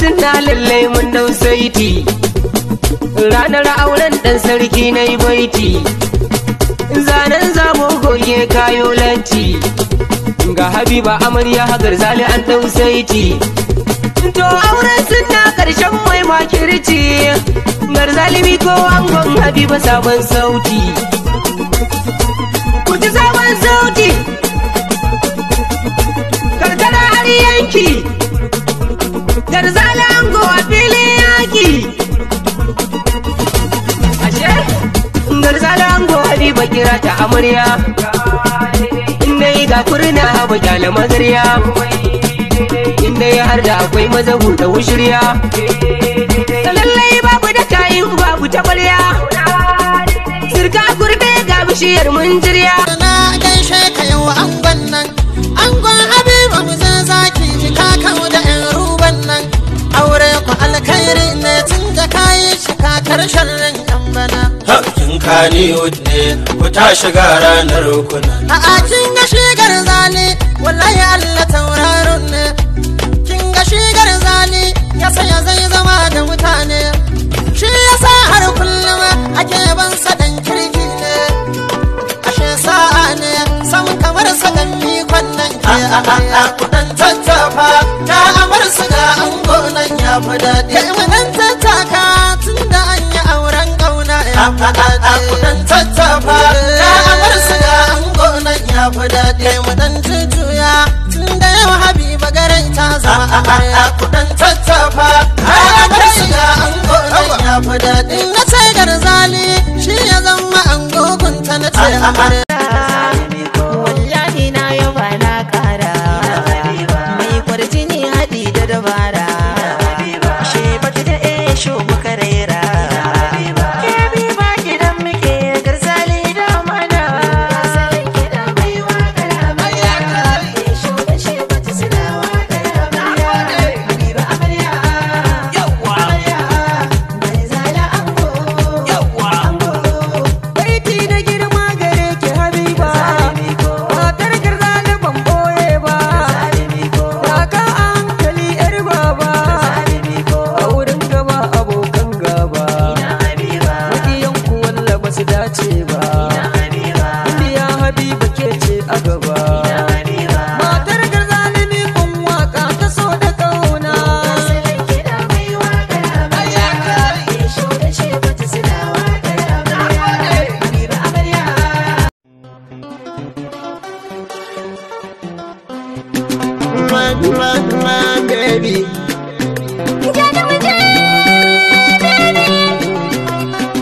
suna lallai mun dau saiti ranar auren ɗan sarki na yi baiti zanen zamo goge kayo lanti ga habiba amarya hagar zali an dau saiti to auren suna karshen mai makirci gar zalimi ko angon habiba sabon sauti amarya indai ga kurna haba kyala mazarya indai har da akwai mazahu da wushirya lallai babu da kayin babu tabarya sirka kurbe ga bishiyar munjirya na gaishe ka yau an gwannan an gwan habibu muzan zaki ji kakau da yan ruban nan aure ku alkhairi ne tun da kayi shi karshen sharrin Kannywood ne ku ta shiga ranar kuna. A kin ga shigar zane wallahi Allah tauraron ne. Kin ga shigar zane ya saya zai zama da mutane. Shi ya sa har kullum ake ban sadan kirki ne. Ashe sa'a ne sam kamar sagan mi kwannan ke. a kudan tattafa ta amarsa su ga an gonan ya fada. daɗi. Kai tattaka tun da a kudan tattafa ta amar siga an gonan ya fi daɗi mu dan jujjuya tun da yawa habiba garai ta zama amarya a kudan tattafa ta amar siga an gonan ya fi daɗi na ce garzali shi ya zama an gogunta na ce amarya on, baby.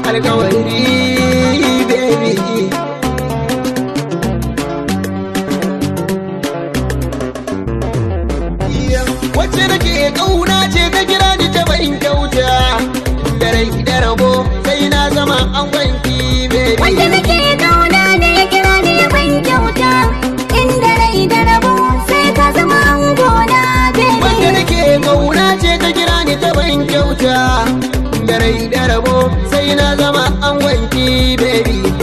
Alkawari da rai da rabo sai na zama an wanki baby